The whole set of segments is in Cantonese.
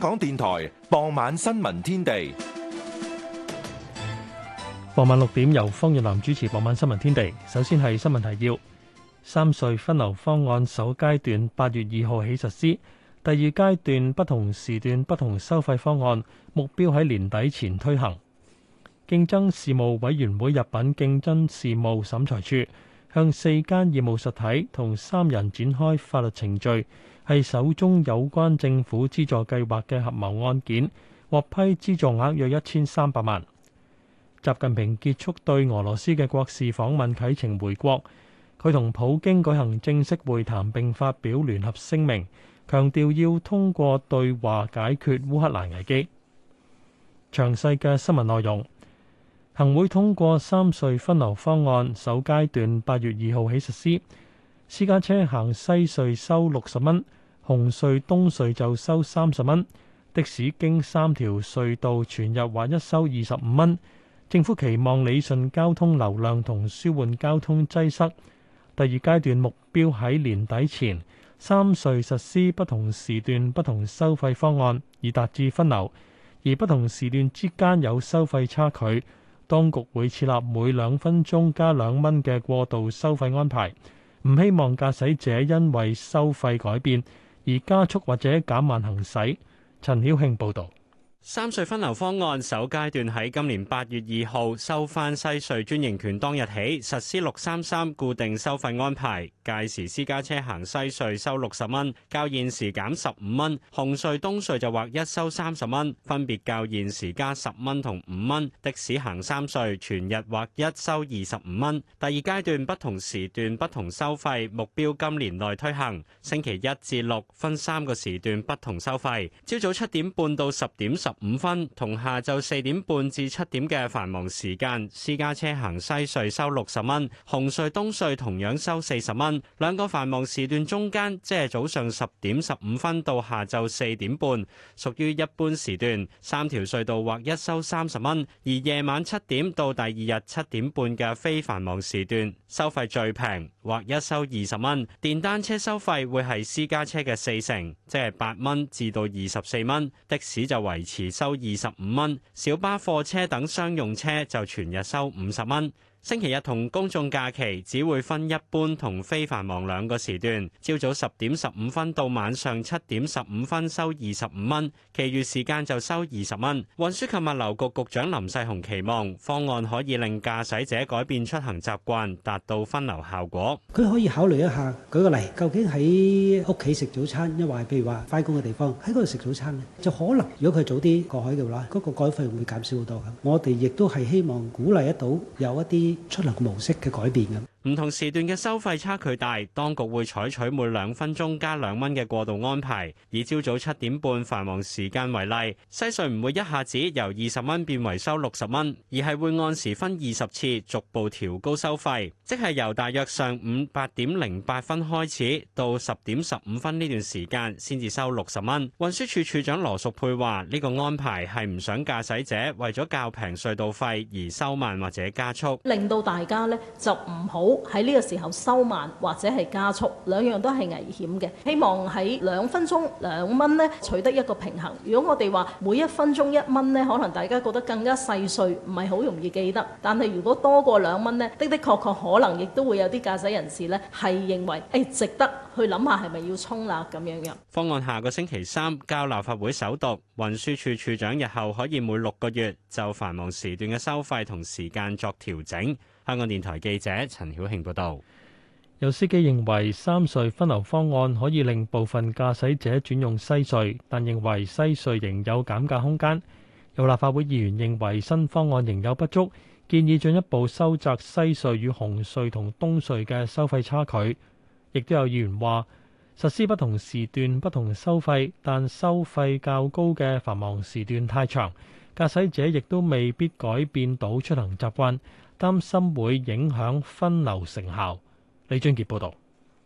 香港電台傍晚新聞天地，傍晚六點由方若男主持。傍晚新聞天地，首先係新聞提要：三隧分流方案首階段八月二號起實施，第二階段不同時段不同收費方案，目標喺年底前推行。競爭事務委員會入稟競爭事務審裁處，向四間業務實體同三人展開法律程序。係首宗有關政府資助計劃嘅合謀案件，獲批資助額約一千三百萬。習近平結束對俄羅斯嘅國事訪問，啟程回國。佢同普京舉行正式會談並發表聯合聲明，強調要通過對話解決烏克蘭危機。詳細嘅新聞內容，行會通過三隧分流方案，首階段八月二號起實施。私家車行西隧收六十蚊。紅隧、東隧就收三十蚊，的士經三條隧道全日或一收二十五蚊。政府期望理順交通流量同舒緩交通擠塞。第二階段目標喺年底前，三隧實施不同時段不同收費方案，以達至分流。而不同時段之間有收費差距，當局會設立每兩分鐘加兩蚊嘅過渡收費安排。唔希望駕駛者因為收費改變。而加速或者減慢行駛，陳曉慶報道。三隧分流方案首階段喺今年八月二號收返西隧專營權當日起實施六三三固定收費安排，屆時私家車行西隧收六十蚊，較現時減十五蚊；紅隧東隧就劃一收三十蚊，分別較現時加十蚊同五蚊。的士行三隧全日劃一收二十五蚊。第二階段不同時段不同收費，目標今年內推行。星期一至六分三個時段不同收費，朝早七點半到十點。十五分同下晝四點半至七點嘅繁忙時間，私家車行西隧收六十蚊，紅隧東隧同樣收四十蚊。兩個繁忙時段中間，即係早上十點十五分到下晝四點半，屬於一般時段，三條隧道劃一收三十蚊。而夜晚七點到第二日七點半嘅非繁忙時段，收費最平，劃一收二十蚊。電單車收費會係私家車嘅四成，即係八蚊至到二十四蚊。的士就維持。時收二十五蚊，小巴、貨車等商用車就全日收五十蚊。星期日同公眾假期只會分一般同非繁忙兩個時段，朝早十點十五分到晚上七點十五分收二十五蚊，其餘時間就收二十蚊。運輸及物流局局長林世雄期望方案可以令駕駛者改變出行習慣，達到分流效果。佢可以考慮一下，舉個例，究竟喺屋企食早餐，又或係譬如話翻工嘅地方，喺嗰度食早餐咧，就可能如果佢早啲過海度啦，嗰個改費會減少好多噶。我哋亦都係希望鼓勵得到有一啲出行模式嘅改變咁。唔同時段嘅收費差距大，當局會採取每兩分鐘加兩蚊嘅過渡安排。以朝早七點半繁忙時間為例，西隧唔會一下子由二十蚊變為收六十蚊，而係會按時分二十次逐步調高收費，即係由大約上午八點零八分開始，到十點十五分呢段時間先至收六十蚊。運輸署署長羅淑佩話呢個安排係唔想駕駛者為咗較平隧道費而收慢或者加速，令到大家咧就唔好。喺呢個時候收慢或者係加速，兩樣都係危險嘅。希望喺兩分鐘兩蚊呢取得一個平衡。如果我哋話每一分鐘一蚊呢，可能大家覺得更加細碎，唔係好容易記得。但係如果多過兩蚊呢，的的確確可能亦都會有啲駕駛人士呢係認為，誒值得去諗下係咪要衝啦咁樣樣。方案下個星期三交立法會首讀。運輸署署長日後可以每六個月就繁忙時段嘅收費同時間作調整。香港電台記者陳曉慶報道，有司機認為三隧分流方案可以令部分駕駛者轉用西隧，但認為西隧仍有減價空間。有立法會議員認為新方案仍有不足，建議進一步收窄西隧與紅隧同東隧嘅收費差距。亦都有議員話，實施不同時段不同收費，但收費較高嘅繁忙時段太長，駕駛者亦都未必改變到出行習慣。擔心會影響分流成效。李俊傑報道：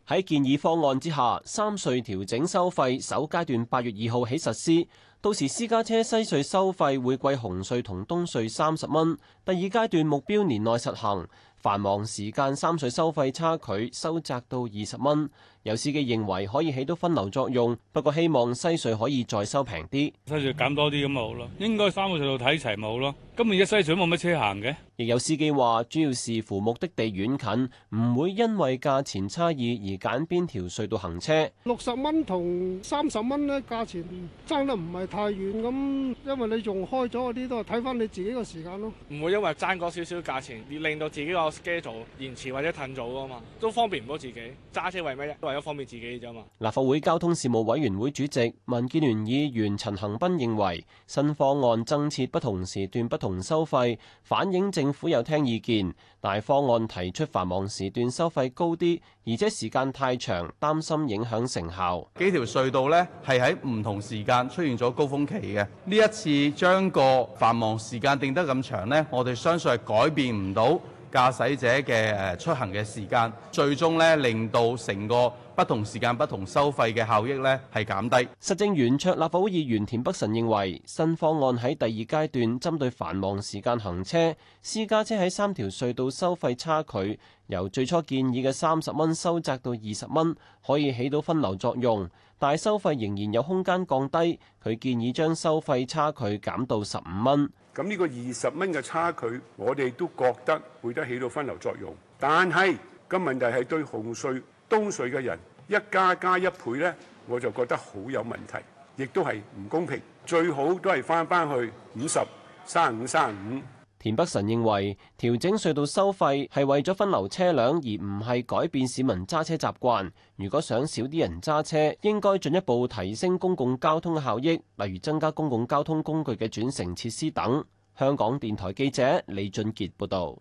喺建議方案之下，三隧調整收費首階段八月二號起實施，到時私家車西隧收費會貴紅隧同東隧三十蚊。第二階段目標年內實行，繁忙時間三隧收費差距收窄到二十蚊。有司機認為可以起到分流作用，不過希望西隧可以再收平啲，西隧減多啲咁咪好咯。應該三個隧道睇齊冇咯。今日一西隧冇乜車行嘅。亦有司機話，主要視乎目的地遠近，唔會因為價錢差異而揀邊條隧道行車。六十蚊同三十蚊咧，價錢爭得唔係太遠咁，因為你用開咗嗰啲都係睇翻你自己嘅時間咯。唔會因為爭嗰少少價錢而令到自己個 schedule 延遲或者褪早啊嘛，都方便唔到自己。揸車為咩啫？一方面自己啫嘛。立法會交通事務委員會主席民建聯議員陳恒斌認為，新方案增設不同時段不同收費，反映政府有聽意見。大方案提出繁忙時段收費高啲，而且時間太長，擔心影響成效。幾條隧道咧，係喺唔同時間出現咗高峰期嘅。呢一次將個繁忙時間定得咁長咧，我哋相信係改變唔到駕駛者嘅誒出行嘅時間，最終咧令到成個。不同時間不同收費嘅效益呢，係減低。實政圓桌立法會議員田北辰認為，新方案喺第二階段針對繁忙時間行車私家車喺三條隧道收費差距，由最初建議嘅三十蚊收窄到二十蚊，可以起到分流作用。但係收費仍然有空間降低，佢建議將收費差距減到十五蚊。咁呢個二十蚊嘅差距，我哋都覺得會得起到分流作用，但係個問題係對紅隧。東隧嘅人一加加一倍呢，我就覺得好有問題，亦都係唔公平。最好都係翻返去五十三五三五。田北辰認為，調整隧道收費係為咗分流車輛，而唔係改變市民揸車習慣。如果想少啲人揸車，應該進一步提升公共交通效益，例如增加公共交通工具嘅轉乘設施等。香港電台記者李俊傑報導。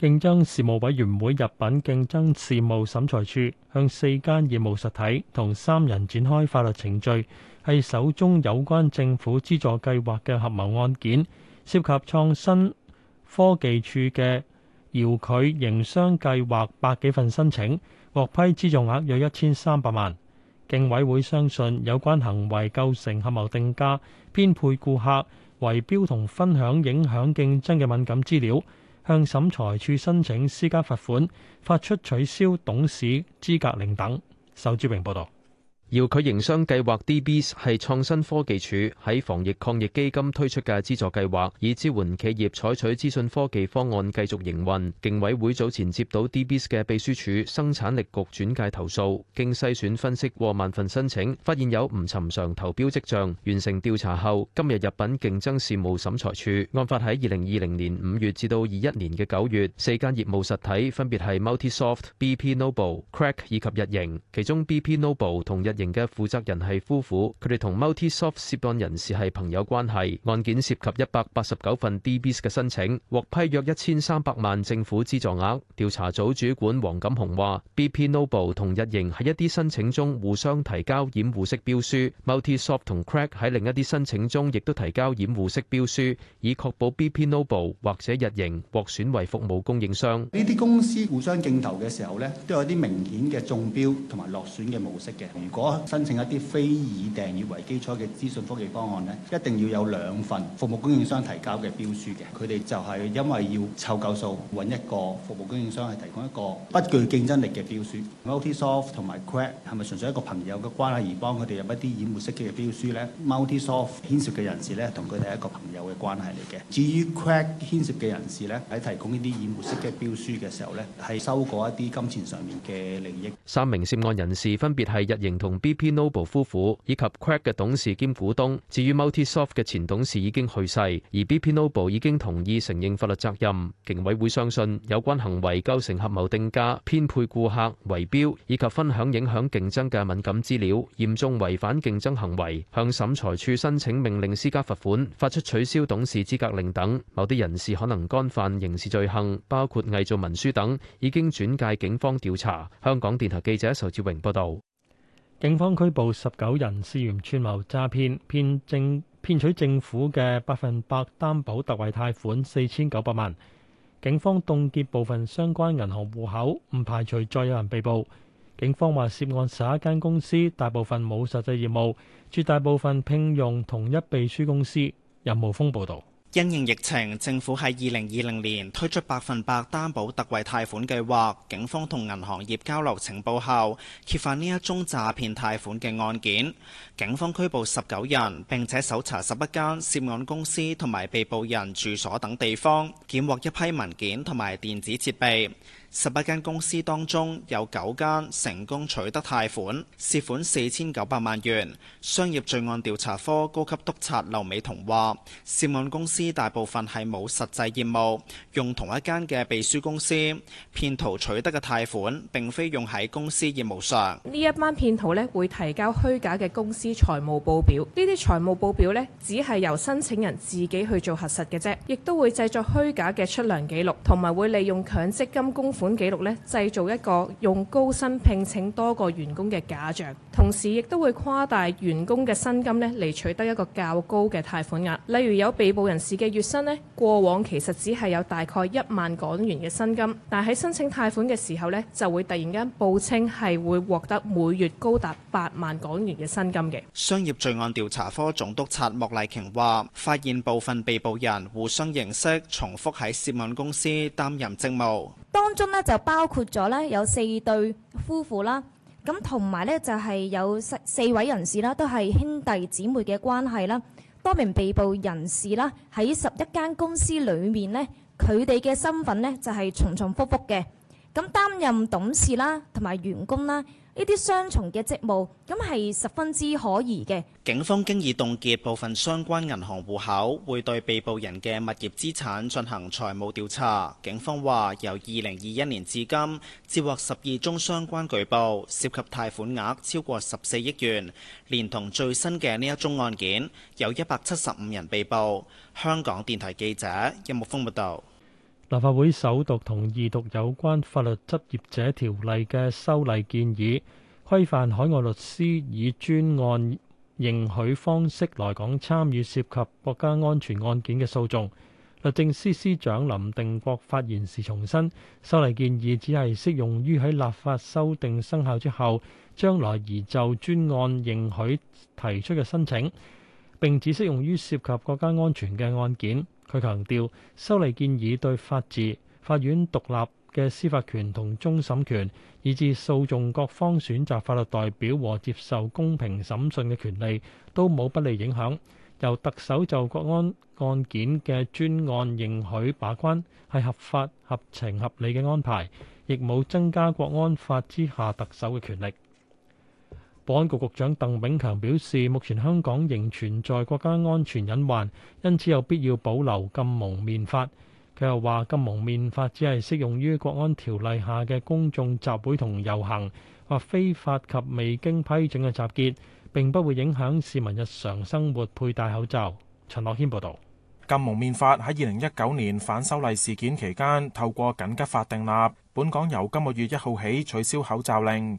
競爭事務委員會入稟競爭事務審裁處向四間業務實體同三人展開法律程序，係首宗有關政府資助計劃嘅合謀案件，涉及創新科技處嘅遙距營商計劃百幾份申請獲批資助額約一千三百萬。競委會相信有關行為構成合謀定價、編配顧客、圍標同分享影響競爭嘅敏感資料。向審裁處申請私家罰款、發出取消董事資格令等。仇志榮報道。遙距營商計劃 DBS 係創新科技署喺防疫抗疫基金推出嘅資助計劃，以支援企業採取資訊科技方案繼續營運。競委會早前接到 DBS 嘅秘書處生產力局轉介投訴，經篩選分析過萬份申請，發現有唔尋常投標跡象。完成調查後，今日入稟競爭事務審裁處。案發喺二零二零年五月至到二一年嘅九月，四間業務實體分別係 MultiSoft、BP Noble、Crack 以及日營，其中 BP Noble 同日盈嘅負責人係夫婦，佢哋同 MultiSoft 涉案人士係朋友關係。案件涉及一百八十九份 DBS 嘅申請，獲批約一千三百萬政府資助額。調查組主管黃錦雄話：BP Noble 同日盈喺一啲申請中互相提交掩護式標書，MultiSoft 同 Crack 喺另一啲申請中亦都提交掩護式標書，以確保 BP Noble 或者日盈獲選為服務供應商。呢啲公司互相競投嘅時候呢，都有啲明顯嘅中標同埋落選嘅模式嘅。如果申請一啲非以訂閱為基礎嘅資訊科技方案呢，一定要有兩份服務供應商提交嘅標書嘅。佢哋就係因為要湊夠數，揾一個服務供應商係提供一個不具競爭力嘅標書。Multisoft 同埋 Quack 係咪純粹一個朋友嘅關係而幫佢哋入一啲掩護式嘅標書呢？Multisoft 牽涉嘅人士呢，同佢哋係一個朋友嘅關係嚟嘅。至於 Quack 牽涉嘅人士呢，喺提供呢啲掩護式嘅標書嘅時候呢，係收過一啲金錢上面嘅利益。三名涉案人士分別係日盈同 B.P.Noble 夫婦以及 Crack 嘅董事兼股東。至於 Multisoft 嘅前董事已經去世，而 B.P.Noble 已經同意承認法律責任。競委會相信有關行為構成合謀定價、偏配顧客、圍標以及分享影響競爭嘅敏感資料，嚴重違反競爭行為，向審裁處申請命令施加罰款、發出取消董事資格令等。某啲人士可能干犯刑事罪行，包括偽造文書等，已經轉介警方調查。香港電台記者仇志榮報道。警方拘捕十九人，涉嫌串謀詐騙，騙政騙取政府嘅百分百擔保特惠貸款四千九百萬。警方凍結部分相關銀行戶口，唔排除再有人被捕。警方話涉案十一間公司，大部分冇實際業務，絕大部分聘用同一秘書公司。任浩峰報道。因應疫情，政府喺二零二零年推出百分百擔保特惠貸款計劃。警方同銀行業交流情報後，揭發呢一宗詐騙貸款嘅案件。警方拘捕十九人，並且搜查十一間涉案公司同埋被捕人住所等地方，檢獲一批文件同埋電子設備。十八間公司當中有九間成功取得貸款，涉款四千九百萬元。商業罪案調查科高級督察劉美彤話：涉案公司大部分係冇實際業務，用同一間嘅秘書公司騙徒取得嘅貸款，並非用喺公司業務上。呢一班騙徒呢，會提交虛假嘅公司財務報表，呢啲財務報表呢，只係由申請人自己去做核實嘅啫，亦都會製作虛假嘅出糧記錄，同埋會利用強積金公款記錄呢，製造一個用高薪聘請多個員工嘅假象，同時亦都會誇大員工嘅薪金呢，嚟取得一個較高嘅貸款額。例如有被捕人士嘅月薪呢，過往其實只係有大概一萬港元嘅薪金，但係喺申請貸款嘅時候呢，就會突然間報稱係會獲得每月高達八萬港元嘅薪金嘅。商業罪案調查科總督察莫麗瓊話：發現部分被捕人互相認識，重複喺涉案公司擔任職務。當中咧就包括咗咧有四對夫婦啦，咁同埋咧就係有四四位人士啦，都係兄弟姊妹嘅關係啦。多名被捕人士啦喺十一間公司裏面咧，佢哋嘅身份咧就係重重複複嘅，咁擔任董事啦，同埋員工啦。呢啲雙重嘅職務，咁係十分之可疑嘅。警方經已凍結部分相關銀行戶口，會對被捕人嘅物業資產進行財務調查。警方話，由二零二一年至今，接獲十二宗相關舉報，涉及貸款額超過十四億元，連同最新嘅呢一宗案件，有一百七十五人被捕。香港電台記者任木豐報道。立法會首讀同二讀有關法律執業者條例嘅修例建議，規範海外律師以專案認許方式來港參與涉及國家安全案件嘅訴訟。律政司司長林定國發言時重申，修例建議只係適用於喺立法修訂生效之後，將來移就專案認許提出嘅申請，並只適用於涉及國家安全嘅案件。佢強調，修例建議對法治、法院獨立嘅司法權同終審權，以至訴訟各方選擇法律代表和接受公平審訊嘅權利都冇不利影響。由特首就國安案件嘅專案認許把關，係合法、合情合理嘅安排，亦冇增加國安法之下特首嘅權力。保安局局長鄧炳強表示，目前香港仍存在國家安全隱患，因此有必要保留禁蒙面法。佢又話，禁蒙面法只係適用於國安條例下嘅公眾集會同遊行或非法及未經批准嘅集結，並不會影響市民日常生活佩戴口罩。陳樂謙報道。禁蒙面法喺二零一九年反修例事件期間透過緊急法定立，本港由今個月一號起取消口罩令。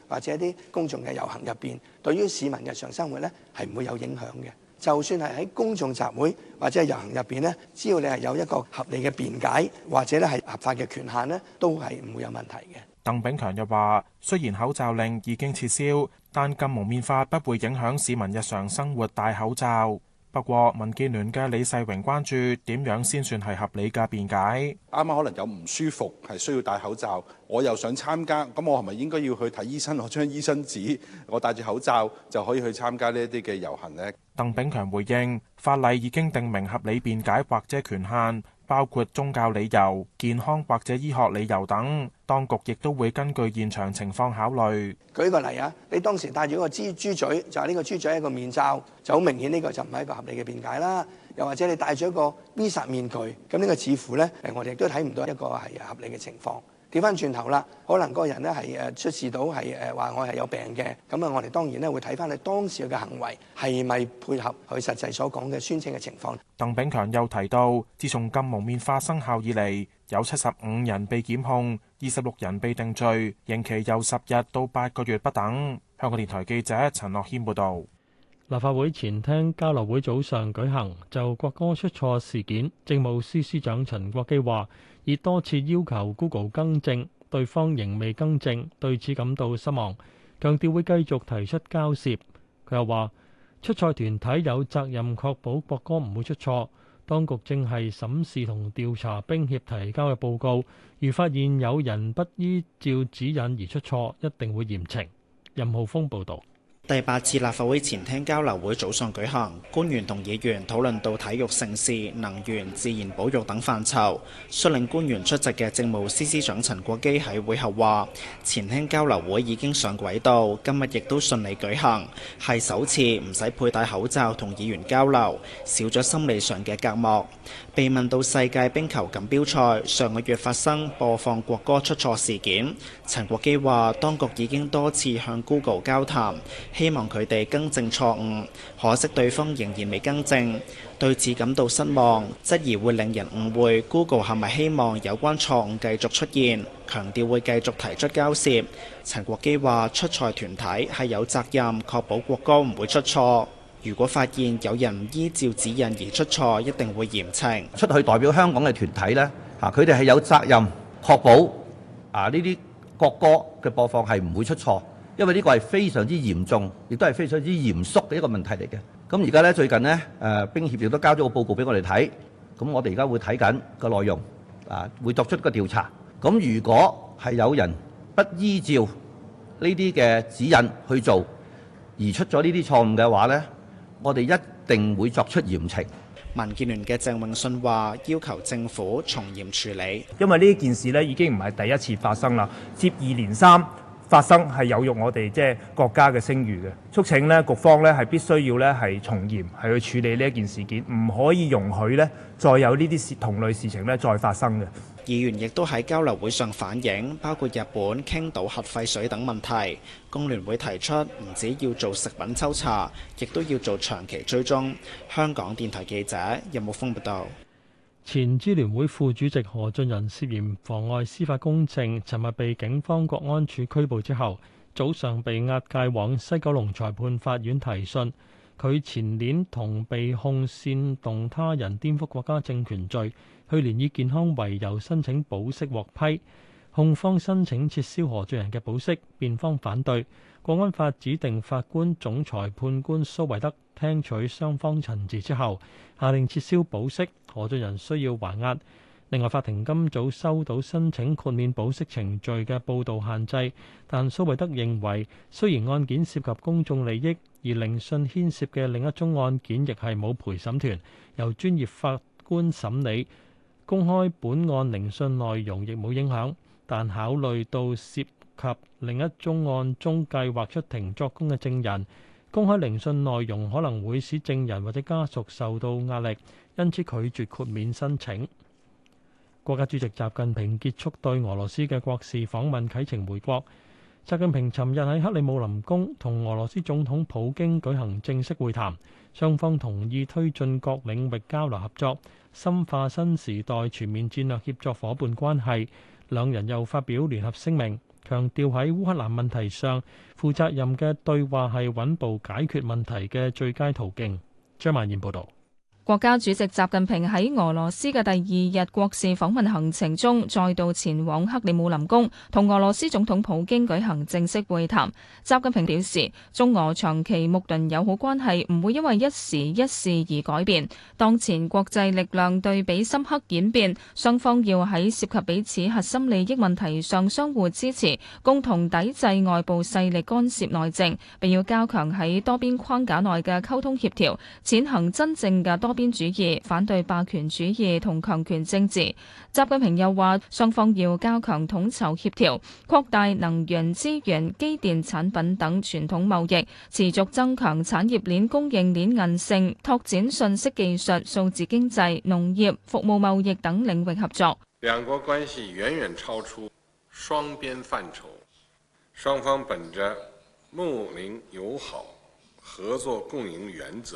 或者啲公眾嘅遊行入邊，對於市民日常生活咧，係唔會有影響嘅。就算係喺公眾集會或者係遊行入邊咧，只要你係有一個合理嘅辯解，或者咧係合法嘅權限咧，都係唔會有問題嘅。鄧炳強又話，雖然口罩令已經撤銷，但禁蒙面法不會影響市民日常生活戴口罩。不過，民建聯嘅李世榮關注點樣先算係合理嘅辯解？啱啱可能有唔舒服，係需要戴口罩，我又想參加，咁我係咪應該要去睇醫生？攞張醫生紙，我戴住口罩就可以去參加呢一啲嘅遊行呢？鄧炳強回應：法例已經定明合理辯解或者權限。包括宗教理由、健康或者醫學理由等，當局亦都會根據現場情況考慮。舉個例啊，你當時戴住個豬嘴，就係、是、呢個豬嘴一個面罩，就好明顯呢個就唔係一個合理嘅辯解啦。又或者你戴住一個 Visa 面具，咁呢個似乎呢，誒，我哋亦都睇唔到一個係合理嘅情況。調翻轉頭啦，可能嗰個人呢係誒出事到係誒話我係有病嘅，咁啊我哋當然呢會睇翻你當時嘅行為係咪配合佢實際所講嘅宣稱嘅情況。鄧炳強又提到，自從禁蒙面法生效以嚟，有七十五人被檢控，二十六人被定罪，刑期由十日到八個月不等。香港電台記者陳樂軒報導。立法會前廳交流會早上舉行，就國歌出錯事件，政務司司長陳國基話。已多次要求 Google 更正，對方仍未更正，對此感到失望，強調會繼續提出交涉。佢又話出賽團體有責任確保國歌唔會出錯，當局正係審視同調查冰協提交嘅報告，如發現有人不依照指引而出錯，一定會嚴懲。任浩峰報道。第八次立法會前廳交流會早上舉行，官員同議員討論到體育盛事、能源、自然保育等範疇。率領官員出席嘅政務司司長陳國基喺會後話：前廳交流會已經上軌道，今日亦都順利舉行，係首次唔使佩戴口罩同議員交流，少咗心理上嘅隔膜。被問到世界冰球錦標賽上個月發生播放國歌出錯事件，陳國基話：當局已經多次向 Google 交談。希望佢哋更正錯誤，可惜對方仍然未更正，對此感到失望，質疑會令人誤會。Google 係咪希望有關錯誤繼續出現？強調會繼續提出交涉。陳國基話：出賽團體係有責任確保國歌唔會出錯。如果發現有人唔依照指引而出錯，一定會嚴懲。出去代表香港嘅團體呢，吓，佢哋係有責任確保啊呢啲國歌嘅播放係唔會出錯。因為呢個係非常之嚴重，亦都係非常之嚴肅嘅一個問題嚟嘅。咁而家呢，最近呢，誒兵協亦都交咗個報告俾我哋睇，咁我哋而家會睇緊個內容，啊會作出一個調查。咁如果係有人不依照呢啲嘅指引去做，而出咗呢啲錯誤嘅話呢，我哋一定會作出嚴懲。民建聯嘅鄭泳舜話：要求政府從嚴處理。因為呢件事呢已經唔係第一次發生啦，接二連三。發生係有辱我哋即係國家嘅聲譽嘅，促請咧局方咧係必須要咧係從嚴係去處理呢一件事件，唔可以容許咧再有呢啲同類事情咧再發生嘅。議員亦都喺交流會上反映，包括日本傾倒核廢水等問題。工聯會提出唔止要做食品抽查，亦都要做長期追蹤。香港電台記者任木峰報道。前支聯會副主席何俊仁涉嫌妨礙司法公正，尋日被警方國安處拘捕之後，早上被押解往西九龍裁判法院提訊。佢前年同被控煽動他人顛覆國家政權罪，去年以健康為由申請保釋獲批，控方申請撤銷何俊仁嘅保釋，辯方反對。國安法指定法官總裁判官蘇惠德，聽取雙方陳詞之後，下令撤銷保釋，何俊仁需要還押。另外，法庭今早收到申請豁免保釋程序嘅報道限制，但蘇維德認為，雖然案件涉及公眾利益，而聆訊牽涉嘅另一宗案件亦係冇陪審團，由專業法官審理，公開本案聆訊內容亦冇影響。但考慮到涉及另一宗案中計劃出庭作供嘅證人。公開聆訊內容可能會使證人或者家屬受到壓力，因此拒絕豁免申請。國家主席習近平結束對俄羅斯嘅國事訪問，啟程回國。習近平尋日喺克里姆林宮同俄羅斯總統普京舉行正式會談，雙方同意推進各領域交流合作，深化新時代全面戰略協作伙伴關係。兩人又發表聯合聲明。強調喺烏克蘭問題上，負責任嘅對話係穩步解決問題嘅最佳途徑。張曼燕報道。國家主席習近平喺俄羅斯嘅第二日國事訪問行程中，再度前往克里姆林宮，同俄羅斯總統普京舉行正式會談。習近平表示，中俄長期睦鄰友好關係唔會因為一時一事而改變。當前國際力量對比深刻演變，雙方要喺涉及彼此核心利益問題上相互支持，共同抵制外部勢力干涉內政，並要加強喺多邊框架內嘅溝通協調，踐行真正嘅多多邊主義反對霸權主義同強權政治。習近平又話：雙方要加強統籌協調，擴大能源、資源、機電產品等傳統貿易，持續增強產業鏈、供應鏈韌性，拓展信息技術、數字經濟、農業、服務貿易等領域合作。兩國關係遠遠超出雙邊範疇，雙方本着睦鄰友好、合作共贏原則。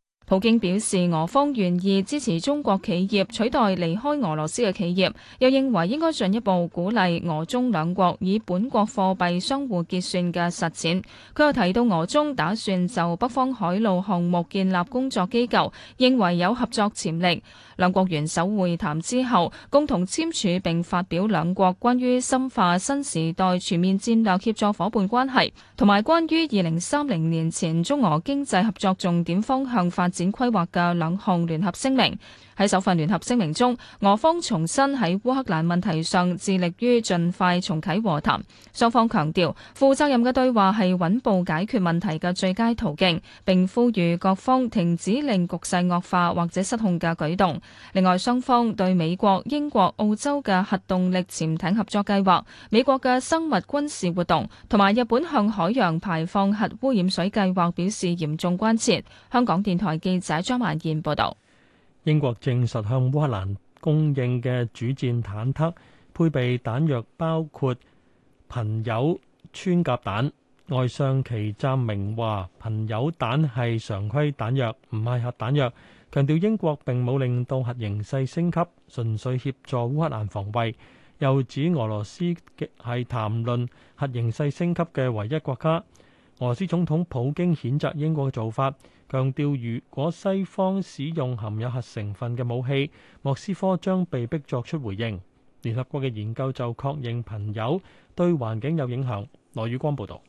普京表示，俄方願意支持中國企業取代離開俄羅斯嘅企業，又認為應該進一步鼓勵俄中兩國以本國貨幣相互結算嘅實踐，佢又提到，俄中打算就北方海路項目建立工作機構，認為有合作潛力。兩國元首會談之後共同簽署並發表兩國關於深化新時代全面戰略協作伙伴關係，同埋關於二零三零年前中俄經濟合作重點方向發展展規劃嘅兩項聯合聲明。 喺首份聯合聲明中，俄方重申喺烏克蘭問題上致力於盡快重啟和談，雙方強調，負責任嘅對話係穩步解決問題嘅最佳途徑，並呼籲各方停止令局勢惡化或者失控嘅舉動。另外，雙方對美國、英國、澳洲嘅核動力潛艇合作計劃、美國嘅生物軍事活動同埋日本向海洋排放核污染水計劃表示嚴重關切。香港電台記者張曼燕報道。英國證實向烏克蘭供應嘅主戰坦克配備彈藥，包括貧鈾穿甲彈。外相祁湛明話：貧鈾彈係常規彈藥，唔係核彈藥。強調英國並冇令到核形勢升級，純粹協助烏克蘭防衛。又指俄羅斯係談論核形勢升級嘅唯一國家。俄羅斯總統普京譴責英國嘅做法。強調如果西方使用含有核成分嘅武器，莫斯科將被迫作出回應。聯合國嘅研究就確認貧鈾對環境有影響。羅宇光報道。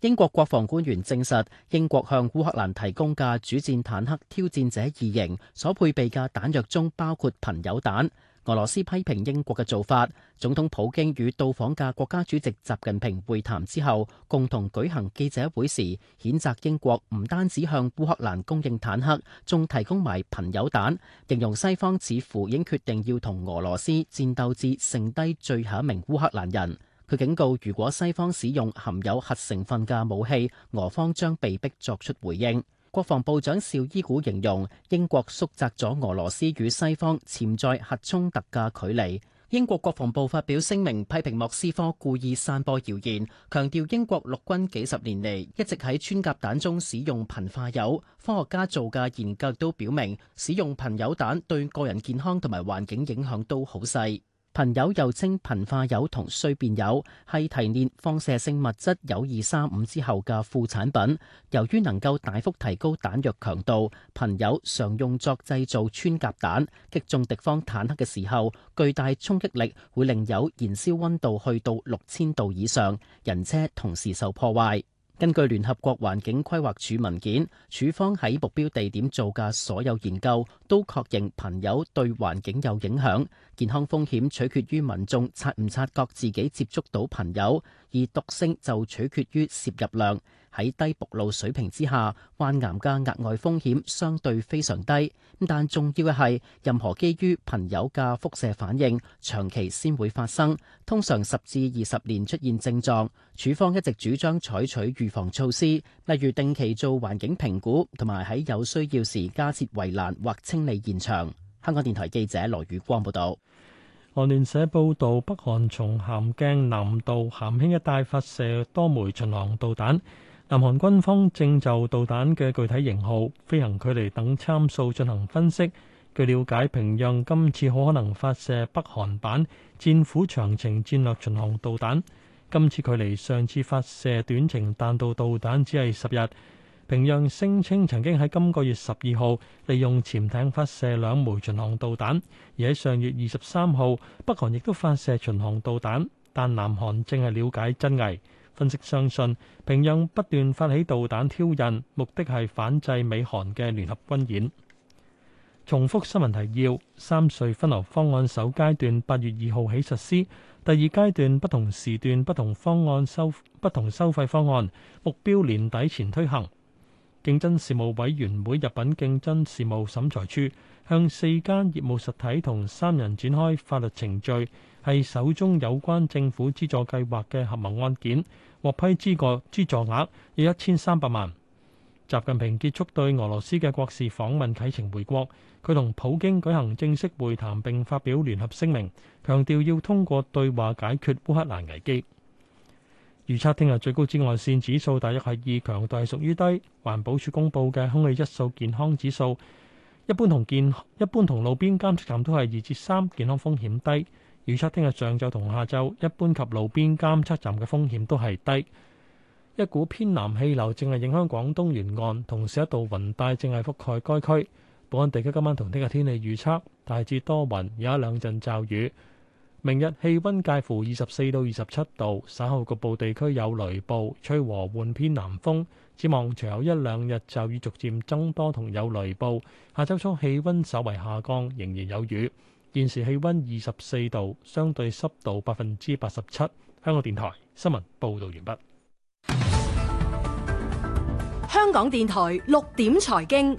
英國國防官員證實，英國向烏克蘭提供嘅主戰坦克挑戰者二型所配備嘅彈藥中包括貧鈾彈。俄羅斯批評英國嘅做法。總統普京與到訪嘅國家主席習近平會談之後，共同舉行記者會時，譴責英國唔單止向烏克蘭供應坦克，仲提供埋貧鈾彈，形容西方似乎已經決定要同俄羅斯戰鬥至剩低最後一名烏克蘭人。佢警告，如果西方使用含有核成分嘅武器，俄方將被迫作出回應。國防部長紹伊古形容英國縮窄咗俄羅斯與西方潛在核衝突嘅距離。英國國防部發表聲明，批評莫斯科故意散播謠言，強調英國陸軍幾十年嚟一直喺穿甲彈中使用貧化鈾。科學家做嘅研究都表明，使用貧鈾彈對個人健康同埋環境影響都好細。貧鈾又稱貧化鈾同衰變鈾，係提煉放射性物質鈾二三五之後嘅副產品。由於能夠大幅提高彈藥強度，貧鈾常用作製造穿甲彈。擊中敵方坦克嘅時候，巨大衝擊力會令鈾燃燒溫度去到六千度以上，人車同時受破壞。根據聯合國環境規劃署文件，署方喺目標地點做嘅所有研究都確認，朋友對環境有影響，健康風險取決於民眾察唔察覺自己接觸到朋友。而毒性就取決於攝入量。喺低暴露水平之下，患癌嘅額外風險相對非常低。但重要嘅係任何基於貧鈾嘅輻射反應長期先會發生，通常十至二十年出現症狀，署方一直主張採取預防措施，例如定期做環境評估，同埋喺有需要時加設圍欄或清理現場。香港電台記者羅宇光報道。韓聯社報道，北韓從咸鏡南道咸興一帶發射多枚巡航導彈，南韓軍方正就導彈嘅具體型號、飛行距離等參數進行分析。據了解，平壤今次好可能發射北韓版戰斧長程戰略巡航導彈，今次距離上次發射短程彈道導彈只係十日。平壤聲稱曾經喺今個月十二號利用潛艇發射兩枚巡航導彈，而喺上月二十三號北韓亦都發射巡航導彈。但南韓正係了解真偽，分析相信平壤不斷發起導彈挑釁，目的係反制美韓嘅聯合軍演。重複新聞提要：三隧分流方案首階段八月二號起實施，第二階段不同時段不同方案收不同收費方案，目標年底前推行。競爭事務委員會入禀競爭事務審裁處，向四間業務實體同三人展開法律程序，係首宗有關政府資助計劃嘅合謀案件，獲批資助資助額要一千三百萬。習近平結束對俄羅斯嘅國事訪問啟程回國，佢同普京舉行正式會談並發表聯合聲明，強調要通過對話解決烏克蘭危機。預測聽日最高紫外線指數大約係二，強度係屬於低。環保署公布嘅空氣質素健康指數，一般同建一般同路邊監測站都係二至三，健康風險低。預測聽日上晝同下晝，一般及路邊監測站嘅風險都係低。一股偏南氣流正係影響廣東沿岸，同時一度雲帶正係覆蓋該區。寶安地區今晚同聽日天氣預測大致多雲，有一兩陣驟雨。明日氣溫介乎二十四到二十七度，稍後局部地區有雷暴，吹和緩偏南風。展望，隨後一兩日驟雨逐漸增多同有雷暴。下周初氣溫稍為下降，仍然有雨。現時氣溫二十四度，相對濕度百分之八十七。香港電台新聞報道完畢。香港電台六點財經。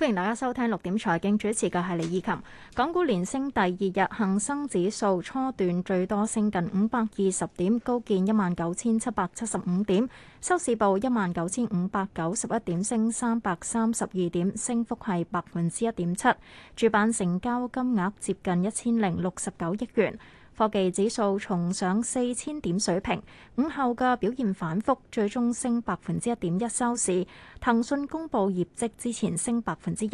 歡迎大家收聽六點財經，主持嘅係李綺琴。港股連升第二日，恒生指數初段最多升近五百二十點，高見一萬九千七百七十五點，收市報一萬九千五百九十一點，升三百三十二點，升幅係百分之一點七。主板成交金額接近一千零六十九億元。科技指數重上四千點水平，午後嘅表現反覆，最終升百分之一點一收市。騰訊公布業績之前升百分之一，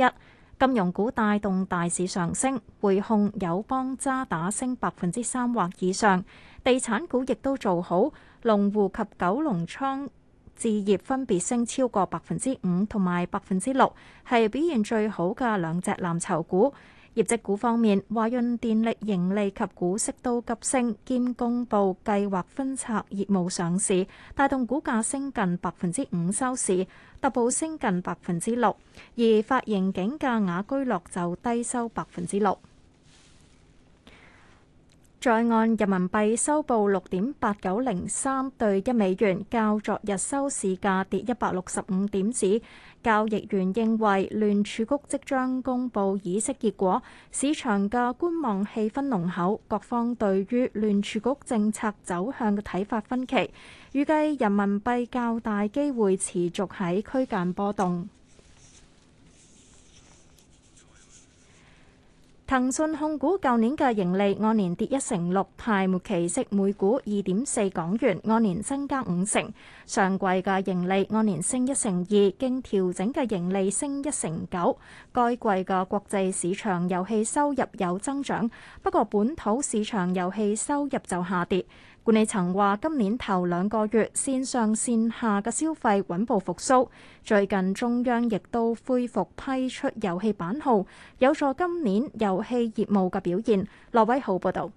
金融股帶動大市上升，匯控、友邦、渣打升百分之三或以上。地產股亦都做好，龍湖及九龍倉置業分別升超過百分之五同埋百分之六，係表現最好嘅兩隻藍籌股。業績股方面，華潤電力盈利及股息都急升，兼公布計劃分拆業務上市，帶動股價升近百分之五收市，特步升近百分之六。而發盈警嘅雅居樂就低收百分之六。在岸人民幣收報六點八九零三對一美元，較昨日收市價跌一百六十五點子。交易員認為聯儲局即將公布議息結果，市場嘅觀望氣氛濃厚，各方對於聯儲局政策走向嘅睇法分歧，預計人民幣較大機會持續喺區間波動。騰訊控股舊年嘅盈利按年跌一成六，派末期息每股二點四港元，按年增加五成。上季嘅盈利按年升一成二，經調整嘅盈利升一成九。該季嘅國際市場遊戲收入有增長，不過本土市場遊戲收入就下跌。管理層話，今年頭兩個月線上線下嘅消費穩步復甦，最近中央亦都恢復批出遊戲版號，有助今年遊戲業務嘅表現。羅偉豪報道，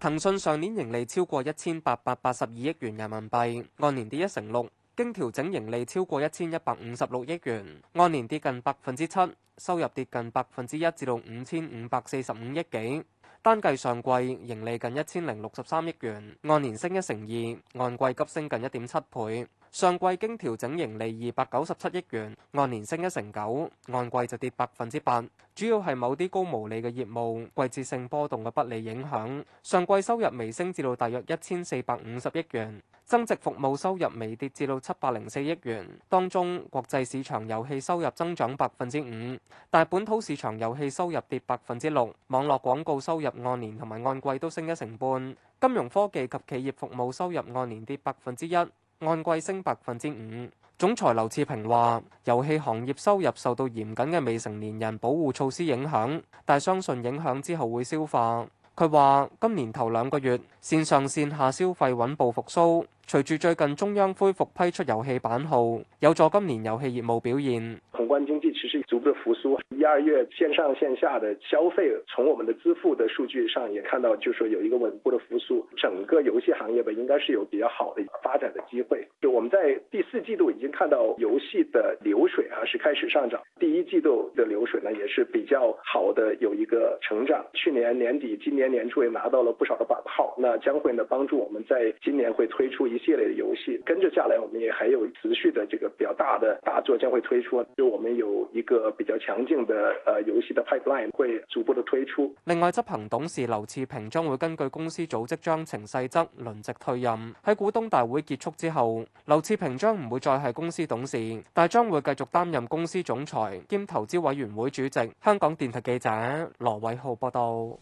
騰訊上年盈利超過一千八百八十二億元人民幣，按年跌一成六，經調整盈利超過一千一百五十六億元，按年跌近百分之七，收入跌近百分之一，至到五千五百四十五億幾。單計上季盈利近一千零六十三億元，按年升一成二，按季急升近一點七倍。上季經調整盈利二百九十七億元，按年升一成九，按季就跌百分之八，主要係某啲高毛利嘅業務季節性波動嘅不利影響。上季收入微升至到大約一千四百五十億元，增值服務收入微跌至到七百零四億元，當中國際市場遊戲收入增長百分之五，但本土市場遊戲收入跌百分之六，網絡廣告收入按年同埋按季都升一成半，金融科技及企業服務收入按年跌百分之一。按季升百分之五，總裁劉志平話遊戲行業收入受到嚴謹嘅未成年人保護措施影響，但相信影響之後會消化。佢話今年頭兩個月。線上線下消費穩步復蘇。隨住最近中央恢復批出遊戲版號，有助今年遊戲業務表現。宏觀經濟持續逐步的復蘇。一二月線上線下的消費，從我們的支付的數據上也看到，就是說有一個穩步的復蘇。整個遊戲行業吧，應該是有比較好的發展的機會。就我們在第四季度已經看到遊戲的流水啊，是開始上漲。第一季度的流水呢，也是比較好的有一個成長。去年年底、今年年初也拿到了不少的版號。那啊，將會呢幫助我們在今年會推出一系列嘅遊戲，跟住下來，我們也還有持續的這個比較大的大作將會推出，就我們有一個比較強勁的呃遊戲的 pipeline 會逐步的推出。另外，執行董事劉次平將會根據公司組織章程細則輪值退任。喺股東大會結束之後，劉次平將唔會再係公司董事，但係將會繼續擔任公司總裁兼投資委員會主席。香港電台記者羅偉浩報道。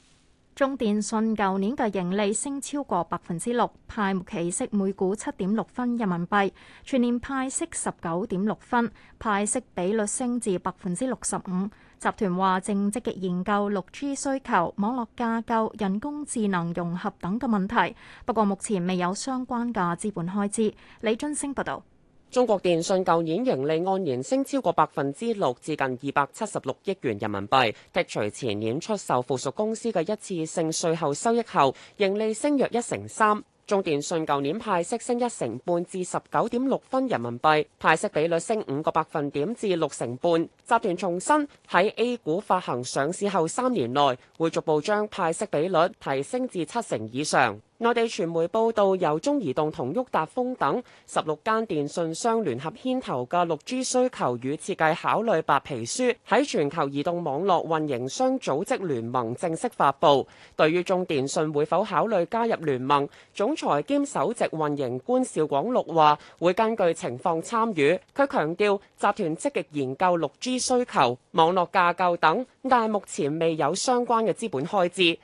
中電信舊年嘅盈利升超過百分之六，派末期息每股七點六分人民幣，全年派息十九點六分，派息比率升至百分之六十五。集團話正積極研究六 G 需求、網絡架構、人工智能融合等嘅問題，不過目前未有相關嘅資本開支。李津升報道。中國電信舊年盈利按年升超過百分之六，至近二百七十六億元人民幣。剔除前年出售附屬公司嘅一次性稅後收益後，盈利升約一成三。中電信舊年派息升一成半至十九點六分人民幣，派息比率升五個百分點至六成半。集團重申喺 A 股發行上市後三年內，會逐步將派息比率提升至七成以上。內地傳媒報道，由中移動同沃達豐等十六間電信商聯合牽頭嘅六 G 需求與設計考慮白皮書喺全球移動網絡運營商組織聯盟正式發布。對於中電信會否考慮加入聯盟，總裁兼首席運營官邵廣祿話：會根據情況參與。佢強調集團積極研究六 G 需求、網絡架構等，但係目前未有相關嘅資本開支。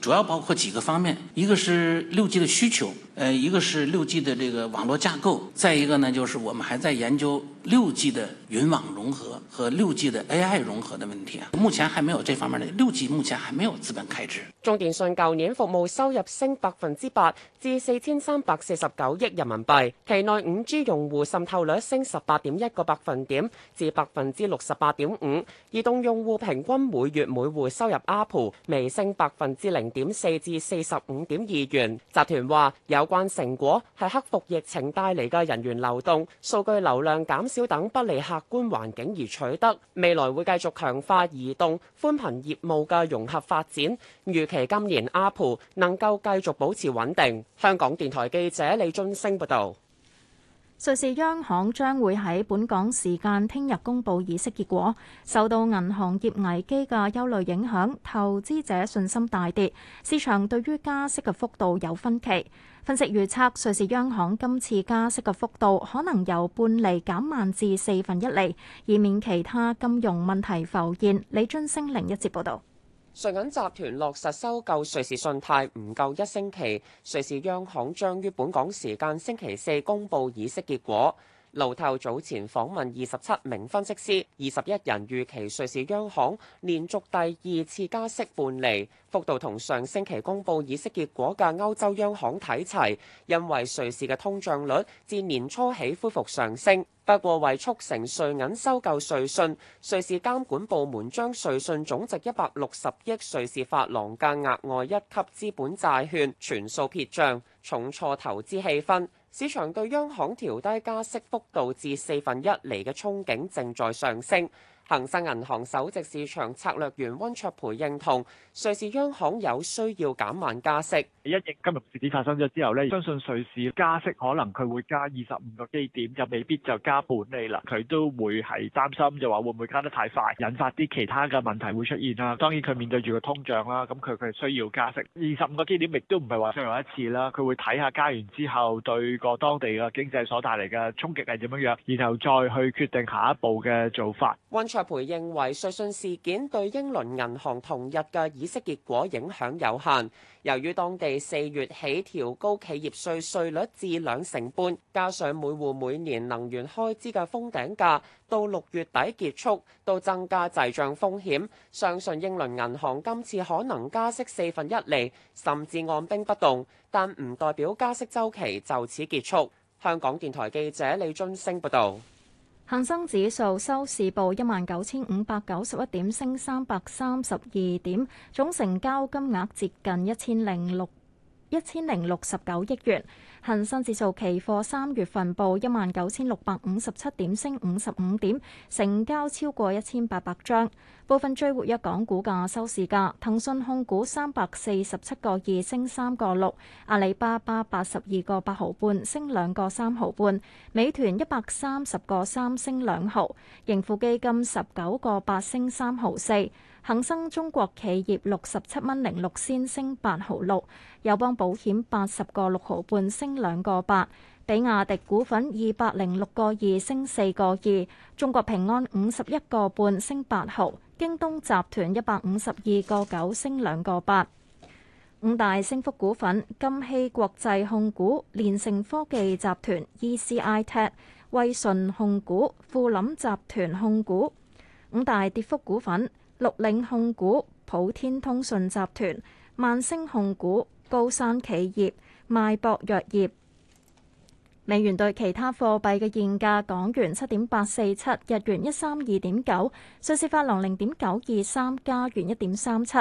主要包括幾個方面，一個是六 G 的需求，呃，一個是六 G 的這個網絡架構，再一個呢，就是我們還在研究。六 G 的雲網融合和六 G 的 AI 融合的問題，目前還沒有這方面的。六 G 目前還沒有資本開支。中電信舊年服務收入升百分之八，至四千三百四十九億人民幣，期內五 G 用戶滲透率升十八點一個百分點至百分之六十八點五。移動用戶平均每月每戶收入阿蒲微升百分之零點四至四十五點二元。集團話，有關成果係克服疫情帶嚟嘅人員流動數據流量減等不利客觀環境而取得，未來會繼續強化移動寬頻業務嘅融合發展。預期今年 ARPU 能夠繼續保持穩定。香港電台記者李俊升報道。瑞士央行將會喺本港時間聽日公佈議息結果。受到銀行業危機嘅憂慮影響，投資者信心大跌，市場對於加息嘅幅度有分歧。分析預測，瑞士央行今次加息嘅幅度可能由半厘減慢至四分一厘，以免其他金融問題浮現。李津星另一節報道，瑞銀集團落實收購瑞士信貸唔夠一星期，瑞士央行將於本港時間星期四公佈議息結果。路透早前訪問二十七名分析師，二十一人預期瑞士央行連續第二次加息半釐，幅度同上星期公佈議息結果嘅歐洲央行睇齊，因為瑞士嘅通脹率自年初起恢復上升。不過為促成瑞銀收購瑞信，瑞士監管部門將瑞信總值一百六十億瑞士法郎嘅額外一級資本債券全數撇賬，重挫投資氣氛。市場對央行調低加息幅度至四分一厘嘅憧憬正在上升。恒生銀行首席市場策略員温卓培認同，瑞士央行有需要減慢加息。一隻今日事件發生咗之後呢，相信瑞士加息可能佢會加二十五個基點，就未必就加半釐啦。佢都會係擔心就話會唔會加得太快，引發啲其他嘅問題會出現啦。當然佢面對住個通脹啦，咁佢佢需要加息。二十五個基點亦都唔係話最後一次啦。佢會睇下加完之後對個當地嘅經濟所帶嚟嘅衝擊係點樣樣，然後再去決定下一步嘅做法。溫卓。特培認為，瑞信事件對英倫銀行同日嘅議息結果影響有限。由於當地四月起調高企業稅稅率至兩成半，加上每戶每年能源開支嘅封頂價到六月底結束，都增加滯脹風險。相信英倫銀行今次可能加息四分一釐，甚至按兵不動，但唔代表加息週期就此結束。香港電台記者李俊升報導。恒生指數收市報一萬九千五百九十一點，升三百三十二點，總成交金額接近一千零六。一千零六十九億元，恒生指數期貨三月份報一萬九千六百五十七點，升五十五點，成交超過一千八百張。部分最活躍港股嘅收市價：騰訊控股三百四十七個二升三個六，阿里巴巴八十二個八毫半升兩個三毫半，美團一百三十個三升兩毫，盈富基金十九個八升三毫四。恒生中國企業六十七蚊零六仙升八毫六，友邦保險八十個六毫半升兩個八，比亞迪股份二百零六個二升四個二，中國平安五十一個半升八毫，京東集團一百五十二個九升兩個八，五大升幅股份：金禧國際控股、連城科技集團、E C I T、威信控股、富林集團控股。五大跌幅股份。六領控股、普天通訊集團、萬星控股、高山企業、邁博藥業。美元對其他貨幣嘅現價：港元七點八四七，日元一三二點九，瑞士法郎零點九二三，加元一點三七，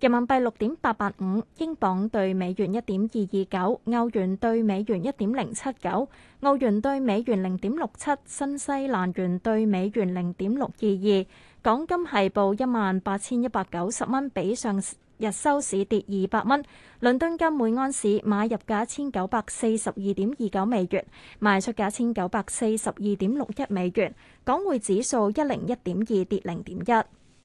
人民幣六點八八五，英鎊兌美元一點二二九，歐元兌美元一點零七九，澳元兌美元零點六七，新西蘭元兌美元零點六二二。港金係報一萬八千一百九十蚊，比上日收市跌二百蚊。倫敦金每安士買入價一千九百四十二點二九美元，賣出價一千九百四十二點六一美元。港匯指數一零一點二，跌零點一。